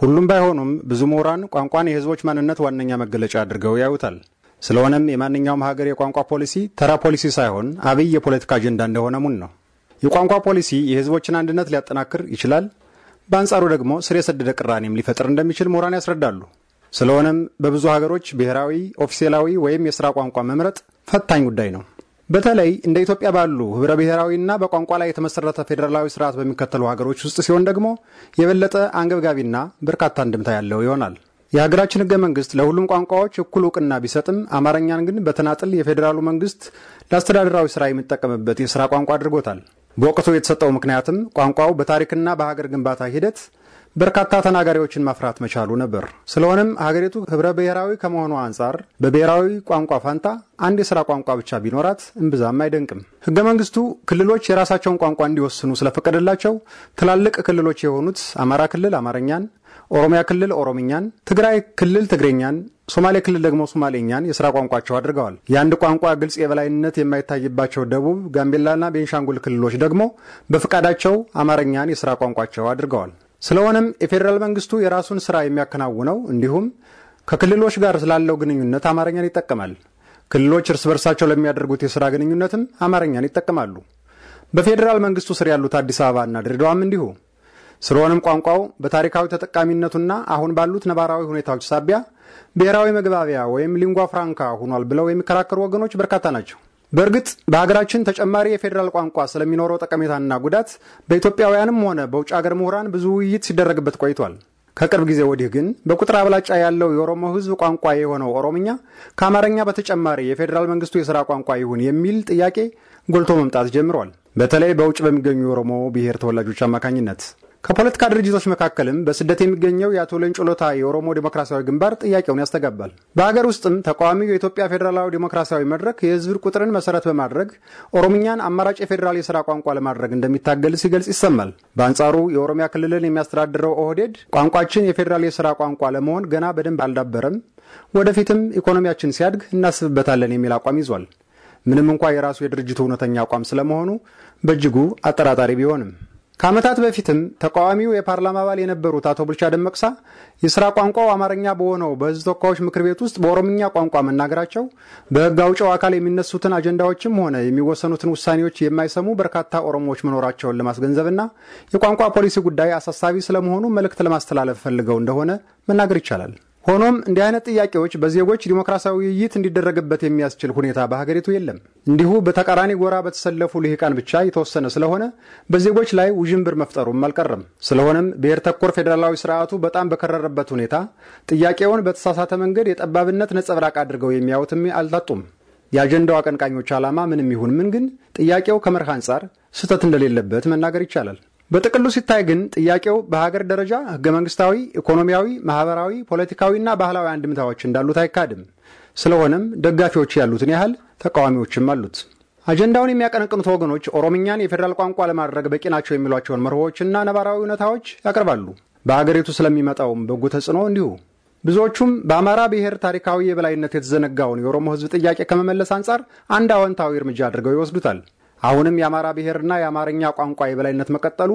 ሁሉም ባይሆኑም ብዙ ምሁራን ቋንቋን የህዝቦች ማንነት ዋነኛ መገለጫ አድርገው ያዩታል። ስለሆነም የማንኛውም ሀገር የቋንቋ ፖሊሲ ተራ ፖሊሲ ሳይሆን አብይ የፖለቲካ አጀንዳ እንደሆነ ሙን ነው። የቋንቋ ፖሊሲ የህዝቦችን አንድነት ሊያጠናክር ይችላል፣ በአንጻሩ ደግሞ ስር የሰደደ ቅራኔም ሊፈጥር እንደሚችል ምሁራን ያስረዳሉ። ስለሆነም በብዙ ሀገሮች ብሔራዊ ኦፊሴላዊ ወይም የሥራ ቋንቋ መምረጥ ፈታኝ ጉዳይ ነው። በተለይ እንደ ኢትዮጵያ ባሉ ህብረ ብሔራዊና በቋንቋ ላይ የተመሰረተ ፌዴራላዊ ስርዓት በሚከተሉ ሀገሮች ውስጥ ሲሆን ደግሞ የበለጠ አንገብጋቢና በርካታ እንድምታ ያለው ይሆናል። የሀገራችን ህገ መንግስት ለሁሉም ቋንቋዎች እኩል እውቅና ቢሰጥም አማርኛን ግን በተናጥል የፌዴራሉ መንግስት ለአስተዳደራዊ ስራ የሚጠቀምበት የስራ ቋንቋ አድርጎታል። በወቅቱ የተሰጠው ምክንያትም ቋንቋው በታሪክና በሀገር ግንባታ ሂደት በርካታ ተናጋሪዎችን ማፍራት መቻሉ ነበር። ስለሆነም ሀገሪቱ ህብረ ብሔራዊ ከመሆኑ አንጻር በብሔራዊ ቋንቋ ፋንታ አንድ የሥራ ቋንቋ ብቻ ቢኖራት እምብዛም አይደንቅም። ህገ መንግስቱ ክልሎች የራሳቸውን ቋንቋ እንዲወስኑ ስለፈቀደላቸው ትላልቅ ክልሎች የሆኑት አማራ ክልል አማርኛን፣ ኦሮሚያ ክልል ኦሮምኛን፣ ትግራይ ክልል ትግርኛን፣ ሶማሌ ክልል ደግሞ ሶማሌኛን የሥራ ቋንቋቸው አድርገዋል። የአንድ ቋንቋ ግልጽ የበላይነት የማይታይባቸው ደቡብ፣ ጋምቤላና ቤንሻንጉል ክልሎች ደግሞ በፈቃዳቸው አማርኛን የሥራ ቋንቋቸው አድርገዋል። ስለሆነም የፌዴራል መንግስቱ የራሱን ስራ የሚያከናውነው እንዲሁም ከክልሎች ጋር ስላለው ግንኙነት አማርኛን ይጠቀማል። ክልሎች እርስ በርሳቸው ለሚያደርጉት የስራ ግንኙነትም አማርኛን ይጠቀማሉ። በፌዴራል መንግስቱ ስር ያሉት አዲስ አበባ እና ድሬዳዋም እንዲሁ። ስለሆነም ቋንቋው በታሪካዊ ተጠቃሚነቱና አሁን ባሉት ነባራዊ ሁኔታዎች ሳቢያ ብሔራዊ መግባቢያ ወይም ሊንጓ ፍራንካ ሆኗል ብለው የሚከራከሩ ወገኖች በርካታ ናቸው። በእርግጥ በሀገራችን ተጨማሪ የፌዴራል ቋንቋ ስለሚኖረው ጠቀሜታና ጉዳት በኢትዮጵያውያንም ሆነ በውጭ ሀገር ምሁራን ብዙ ውይይት ሲደረግበት ቆይቷል። ከቅርብ ጊዜ ወዲህ ግን በቁጥር አብላጫ ያለው የኦሮሞ ሕዝብ ቋንቋ የሆነው ኦሮምኛ ከአማርኛ በተጨማሪ የፌዴራል መንግስቱ የሥራ ቋንቋ ይሁን የሚል ጥያቄ ጎልቶ መምጣት ጀምሯል። በተለይ በውጭ በሚገኙ የኦሮሞ ብሔር ተወላጆች አማካኝነት ከፖለቲካ ድርጅቶች መካከልም በስደት የሚገኘው የአቶ ሌንጮ ሎታ የኦሮሞ ዴሞክራሲያዊ ግንባር ጥያቄውን ያስተጋባል። በሀገር ውስጥም ተቃዋሚው የኢትዮጵያ ፌዴራላዊ ዴሞክራሲያዊ መድረክ የህዝብ ቁጥርን መሰረት በማድረግ ኦሮምኛን አማራጭ የፌዴራል የስራ ቋንቋ ለማድረግ እንደሚታገል ሲገልጽ ይሰማል። በአንጻሩ የኦሮሚያ ክልልን የሚያስተዳድረው ኦህዴድ ቋንቋችን የፌዴራል የስራ ቋንቋ ለመሆን ገና በደንብ አልዳበረም፣ ወደፊትም ኢኮኖሚያችን ሲያድግ እናስብበታለን የሚል አቋም ይዟል። ምንም እንኳ የራሱ የድርጅቱ እውነተኛ አቋም ስለመሆኑ በእጅጉ አጠራጣሪ ቢሆንም ከዓመታት በፊትም ተቃዋሚው የፓርላማ አባል የነበሩት አቶ ቡልቻ ደመቅሳ የስራ ቋንቋው አማርኛ በሆነው በሕዝብ ተወካዮች ምክር ቤት ውስጥ በኦሮምኛ ቋንቋ መናገራቸው በሕግ አውጪው አካል የሚነሱትን አጀንዳዎችም ሆነ የሚወሰኑትን ውሳኔዎች የማይሰሙ በርካታ ኦሮሞዎች መኖራቸውን ለማስገንዘብና የቋንቋ ፖሊሲ ጉዳይ አሳሳቢ ስለመሆኑ መልእክት ለማስተላለፍ ፈልገው እንደሆነ መናገር ይቻላል። ሆኖም እንዲህ አይነት ጥያቄዎች በዜጎች ዲሞክራሲያዊ ውይይት እንዲደረግበት የሚያስችል ሁኔታ በሀገሪቱ የለም። እንዲሁ በተቃራኒ ጎራ በተሰለፉ ልሂቃን ብቻ የተወሰነ ስለሆነ በዜጎች ላይ ውዥንብር መፍጠሩም አልቀረም። ስለሆነም ብሔር ተኮር ፌዴራላዊ ስርዓቱ በጣም በከረረበት ሁኔታ ጥያቄውን በተሳሳተ መንገድ የጠባብነት ነጸብራቅ አድርገው የሚያዩትም አልታጡም። የአጀንዳው አቀንቃኞች ዓላማ ምንም ይሁን ምን ግን ጥያቄው ከመርህ አንጻር ስህተት እንደሌለበት መናገር ይቻላል። በጥቅሉ ሲታይ ግን ጥያቄው በሀገር ደረጃ ህገ መንግስታዊ፣ ኢኮኖሚያዊ፣ ማህበራዊ፣ ፖለቲካዊና ባህላዊ አንድምታዎች እንዳሉት አይካድም። ስለሆነም ደጋፊዎች ያሉትን ያህል ተቃዋሚዎችም አሉት። አጀንዳውን የሚያቀነቅኑት ወገኖች ኦሮምኛን የፌዴራል ቋንቋ ለማድረግ በቂ ናቸው የሚሏቸውን መርሆዎችና ነባራዊ እውነታዎች ያቀርባሉ። በአገሪቱ ስለሚመጣውም በጎ ተጽዕኖ እንዲሁ። ብዙዎቹም በአማራ ብሔር ታሪካዊ የበላይነት የተዘነጋውን የኦሮሞ ህዝብ ጥያቄ ከመመለስ አንጻር አንድ አዎንታዊ እርምጃ አድርገው ይወስዱታል። አሁንም የአማራ ብሔርና የአማርኛ ቋንቋ የበላይነት መቀጠሉ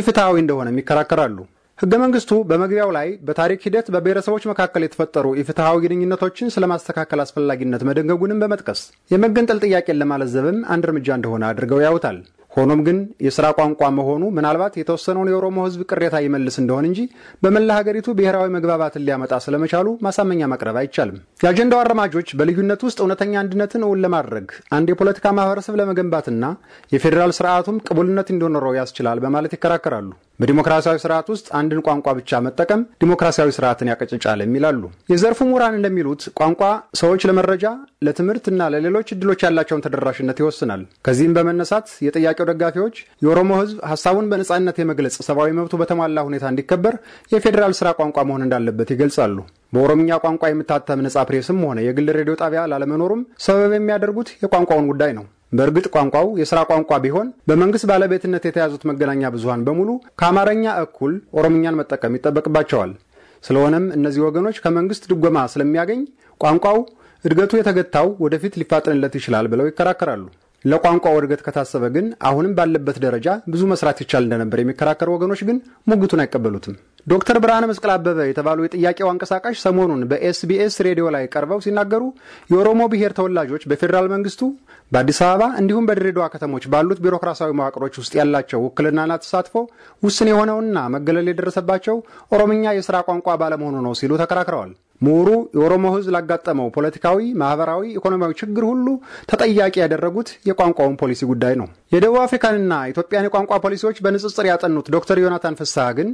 ኢፍትሐዊ እንደሆነም ይከራከራሉ። ህገ መንግስቱ በመግቢያው ላይ በታሪክ ሂደት በብሔረሰቦች መካከል የተፈጠሩ ኢፍትሐዊ ግንኙነቶችን ስለማስተካከል አስፈላጊነት መደንገጉንም በመጥቀስ የመገንጠል ጥያቄን ለማለዘብም አንድ እርምጃ እንደሆነ አድርገው ያውታል። ሆኖም ግን የስራ ቋንቋ መሆኑ ምናልባት የተወሰነውን የኦሮሞ ህዝብ ቅሬታ ይመልስ እንደሆን እንጂ በመላ ሀገሪቱ ብሔራዊ መግባባትን ሊያመጣ ስለመቻሉ ማሳመኛ ማቅረብ አይቻልም። የአጀንዳው አራማጆች በልዩነት ውስጥ እውነተኛ አንድነትን እውን ለማድረግ አንድ የፖለቲካ ማህበረሰብ ለመገንባትና የፌዴራል ስርዓቱም ቅቡልነት እንዲኖረው ያስችላል በማለት ይከራከራሉ። በዲሞክራሲያዊ ስርዓት ውስጥ አንድን ቋንቋ ብቻ መጠቀም ዲሞክራሲያዊ ስርዓትን ያቀጭጫል የሚላሉ የዘርፉ ምሁራን እንደሚሉት ቋንቋ ሰዎች ለመረጃ ለትምህርትና ለሌሎች እድሎች ያላቸውን ተደራሽነት ይወስናል። ከዚህም በመነሳት የጥያቄው ደጋፊዎች የኦሮሞ ሕዝብ ሀሳቡን በነጻነት የመግለጽ ሰብአዊ መብቱ በተሟላ ሁኔታ እንዲከበር የፌዴራል ስራ ቋንቋ መሆን እንዳለበት ይገልጻሉ። በኦሮምኛ ቋንቋ የምታተም ነጻ ፕሬስም ሆነ የግል ሬዲዮ ጣቢያ ላለመኖሩም ሰበብ የሚያደርጉት የቋንቋውን ጉዳይ ነው። በእርግጥ ቋንቋው የስራ ቋንቋ ቢሆን በመንግስት ባለቤትነት የተያዙት መገናኛ ብዙሃን በሙሉ ከአማርኛ እኩል ኦሮምኛን መጠቀም ይጠበቅባቸዋል። ስለሆነም እነዚህ ወገኖች ከመንግስት ድጎማ ስለሚያገኝ ቋንቋው እድገቱ የተገታው ወደፊት ሊፋጠንለት ይችላል ብለው ይከራከራሉ። ለቋንቋው እድገት ከታሰበ ግን አሁንም ባለበት ደረጃ ብዙ መስራት ይቻል እንደነበር የሚከራከሩ ወገኖች ግን ሙግቱን አይቀበሉትም። ዶክተር ብርሃነ መስቀል አበበ የተባሉ የጥያቄው አንቀሳቃሽ ሰሞኑን በኤስቢኤስ ሬዲዮ ላይ ቀርበው ሲናገሩ የኦሮሞ ብሔር ተወላጆች በፌዴራል መንግስቱ በአዲስ አበባ እንዲሁም በድሬዳዋ ከተሞች ባሉት ቢሮክራሲያዊ መዋቅሮች ውስጥ ያላቸው ውክልናና ተሳትፎ ውስን የሆነውና መገለል የደረሰባቸው ኦሮምኛ የስራ ቋንቋ ባለመሆኑ ነው ሲሉ ተከራክረዋል። ምሁሩ የኦሮሞ ህዝብ ላጋጠመው ፖለቲካዊ፣ ማህበራዊ፣ ኢኮኖሚያዊ ችግር ሁሉ ተጠያቂ ያደረጉት የቋንቋውን ፖሊሲ ጉዳይ ነው። የደቡብ አፍሪካንና ኢትዮጵያን የቋንቋ ፖሊሲዎች በንጽጽር ያጠኑት ዶክተር ዮናታን ፍስሐ ግን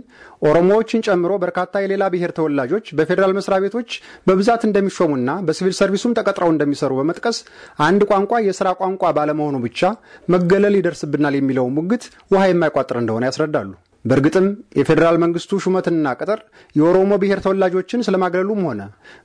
ኦሮሞዎችን ጨምሮ በርካታ የሌላ ብሔር ተወላጆች በፌዴራል መስሪያ ቤቶች በብዛት እንደሚሾሙና በሲቪል ሰርቪሱም ተቀጥረው እንደሚሰሩ በመጥቀስ አንድ ቋንቋ የስራ ቋንቋ ባለመሆኑ ብቻ መገለል ይደርስብናል የሚለው ሙግት ውሃ የማይቋጥር እንደሆነ ያስረዳሉ። በእርግጥም የፌዴራል መንግስቱ ሹመትና ቅጥር የኦሮሞ ብሔር ተወላጆችን ስለማግለሉም ሆነ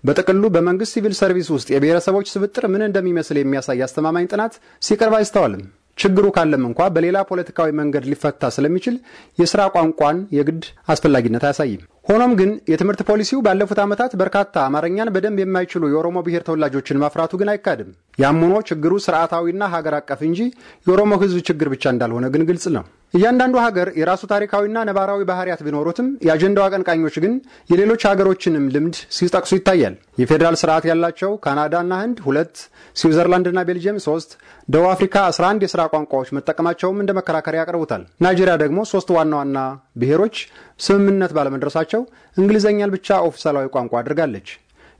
በጥቅሉ በመንግስት ሲቪል ሰርቪስ ውስጥ የብሔረሰቦች ስብጥር ምን እንደሚመስል የሚያሳይ አስተማማኝ ጥናት ሲቀርብ አይስተዋልም። ችግሩ ካለም እንኳ በሌላ ፖለቲካዊ መንገድ ሊፈታ ስለሚችል የስራ ቋንቋን የግድ አስፈላጊነት አያሳይም። ሆኖም ግን የትምህርት ፖሊሲው ባለፉት ዓመታት በርካታ አማርኛን በደንብ የማይችሉ የኦሮሞ ብሔር ተወላጆችን ማፍራቱ ግን አይካድም። ያም ሆኖ ችግሩ ስርዓታዊና ሀገር አቀፍ እንጂ የኦሮሞ ሕዝብ ችግር ብቻ እንዳልሆነ ግን ግልጽ ነው። እያንዳንዱ ሀገር የራሱ ታሪካዊና ነባራዊ ባህሪያት ቢኖሩትም የአጀንዳው አቀንቃኞች ግን የሌሎች ሀገሮችንም ልምድ ሲጠቅሱ ይታያል። የፌዴራል ስርዓት ያላቸው ካናዳና ህንድ ሁለት፣ ስዊዘርላንድና ቤልጅየም ሶስት፣ ደቡብ አፍሪካ 11 የሥራ ቋንቋዎች መጠቀማቸውም እንደ መከራከሪያ ያቀርቡታል። ናይጄሪያ ደግሞ ሶስት ዋና ዋና ብሔሮች ስምምነት ባለመድረሳቸው እንግሊዝኛን ብቻ ኦፊሳላዊ ቋንቋ አድርጋለች።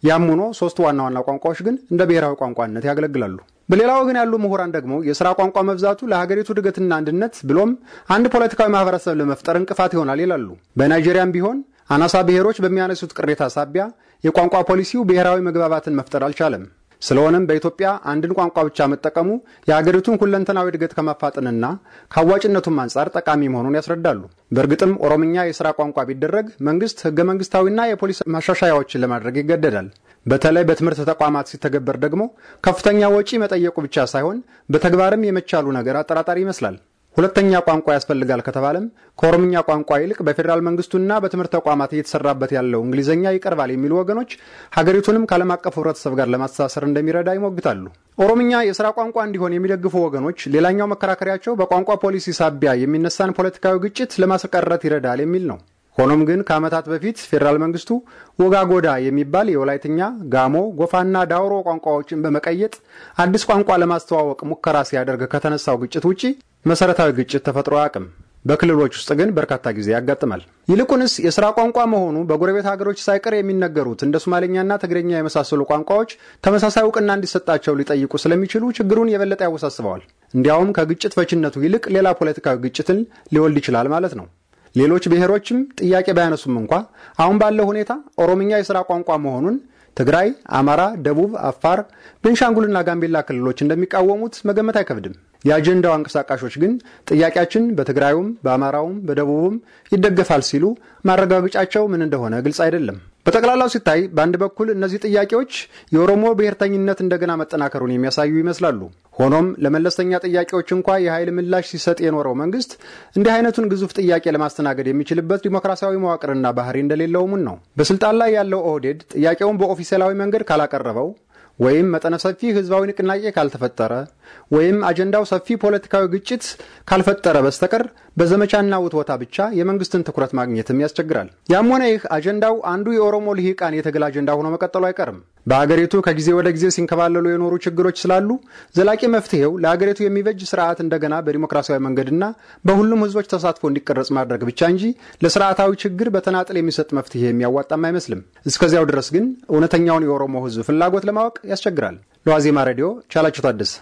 ያም ሆኖ ሶስት ዋና ዋና ቋንቋዎች ግን እንደ ብሔራዊ ቋንቋነት ያገለግላሉ። በሌላ ወገን ያሉ ምሁራን ደግሞ የስራ ቋንቋ መብዛቱ ለሀገሪቱ እድገትና አንድነት ብሎም አንድ ፖለቲካዊ ማህበረሰብ ለመፍጠር እንቅፋት ይሆናል ይላሉ። በናይጄሪያም ቢሆን አናሳ ብሔሮች በሚያነሱት ቅሬታ ሳቢያ የቋንቋ ፖሊሲው ብሔራዊ መግባባትን መፍጠር አልቻለም። ስለሆነም በኢትዮጵያ አንድን ቋንቋ ብቻ መጠቀሙ የሀገሪቱን ሁለንተናዊ እድገት ከማፋጠንና ከአዋጭነቱም አንጻር ጠቃሚ መሆኑን ያስረዳሉ። በእርግጥም ኦሮምኛ የስራ ቋንቋ ቢደረግ መንግስት ህገ መንግስታዊና የፖሊስ ማሻሻያዎችን ለማድረግ ይገደዳል። በተለይ በትምህርት ተቋማት ሲተገበር ደግሞ ከፍተኛ ወጪ መጠየቁ ብቻ ሳይሆን በተግባርም የመቻሉ ነገር አጠራጣሪ ይመስላል። ሁለተኛ ቋንቋ ያስፈልጋል ከተባለም ከኦሮምኛ ቋንቋ ይልቅ በፌዴራል መንግስቱና በትምህርት ተቋማት እየተሰራበት ያለው እንግሊዝኛ ይቀርባል የሚሉ ወገኖች ሀገሪቱንም ከዓለም አቀፍ ህብረተሰብ ጋር ለማስተሳሰር እንደሚረዳ ይሞግታሉ። ኦሮምኛ የስራ ቋንቋ እንዲሆን የሚደግፉ ወገኖች ሌላኛው መከራከሪያቸው በቋንቋ ፖሊሲ ሳቢያ የሚነሳን ፖለቲካዊ ግጭት ለማስቀረት ይረዳል የሚል ነው። ሆኖም ግን ከዓመታት በፊት ፌዴራል መንግስቱ ወጋጎዳ የሚባል የወላይትኛ፣ ጋሞ፣ ጎፋና ዳውሮ ቋንቋዎችን በመቀየጥ አዲስ ቋንቋ ለማስተዋወቅ ሙከራ ሲያደርግ ከተነሳው ግጭት ውጪ መሰረታዊ ግጭት ተፈጥሮ አያውቅም። በክልሎች ውስጥ ግን በርካታ ጊዜ ያጋጥማል። ይልቁንስ የስራ ቋንቋ መሆኑ በጎረቤት ሀገሮች ሳይቀር የሚነገሩት እንደ ሶማሌኛና ትግርኛ የመሳሰሉ ቋንቋዎች ተመሳሳይ እውቅና እንዲሰጣቸው ሊጠይቁ ስለሚችሉ ችግሩን የበለጠ ያወሳስበዋል። እንዲያውም ከግጭት ፈችነቱ ይልቅ ሌላ ፖለቲካዊ ግጭትን ሊወልድ ይችላል ማለት ነው። ሌሎች ብሔሮችም ጥያቄ ባያነሱም እንኳ አሁን ባለው ሁኔታ ኦሮምኛ የስራ ቋንቋ መሆኑን ትግራይ፣ አማራ፣ ደቡብ፣ አፋር፣ ቤንሻንጉልና ጋምቤላ ክልሎች እንደሚቃወሙት መገመት አይከብድም። የአጀንዳው አንቀሳቃሾች ግን ጥያቄያችን በትግራዩም በአማራውም በደቡቡም ይደገፋል ሲሉ ማረጋገጫቸው ምን እንደሆነ ግልጽ አይደለም። በጠቅላላው ሲታይ በአንድ በኩል እነዚህ ጥያቄዎች የኦሮሞ ብሔርተኝነት እንደገና መጠናከሩን የሚያሳዩ ይመስላሉ። ሆኖም ለመለስተኛ ጥያቄዎች እንኳ የኃይል ምላሽ ሲሰጥ የኖረው መንግስት እንዲህ አይነቱን ግዙፍ ጥያቄ ለማስተናገድ የሚችልበት ዲሞክራሲያዊ መዋቅርና ባህሪ እንደሌለውም ነው። በስልጣን ላይ ያለው ኦህዴድ ጥያቄውን በኦፊሴላዊ መንገድ ካላቀረበው ወይም መጠነ ሰፊ ህዝባዊ ንቅናቄ ካልተፈጠረ ወይም አጀንዳው ሰፊ ፖለቲካዊ ግጭት ካልፈጠረ በስተቀር በዘመቻና ውትወታ ብቻ የመንግስትን ትኩረት ማግኘትም ያስቸግራል። ያም ሆነ ይህ አጀንዳው አንዱ የኦሮሞ ልሂቃን የትግል አጀንዳ ሆኖ መቀጠሉ አይቀርም። በሀገሪቱ ከጊዜ ወደ ጊዜ ሲንከባለሉ የኖሩ ችግሮች ስላሉ ዘላቂ መፍትሄው ለሀገሪቱ የሚበጅ ስርዓት እንደገና በዲሞክራሲያዊ መንገድና በሁሉም ህዝቦች ተሳትፎ እንዲቀረጽ ማድረግ ብቻ እንጂ ለስርዓታዊ ችግር በተናጥል የሚሰጥ መፍትሄ የሚያዋጣም አይመስልም። እስከዚያው ድረስ ግን እውነተኛውን የኦሮሞ ህዝብ ፍላጎት ለማወቅ ያስቸግራል። ለዋዜማ ሬዲዮ ቻላቸው ታደሰ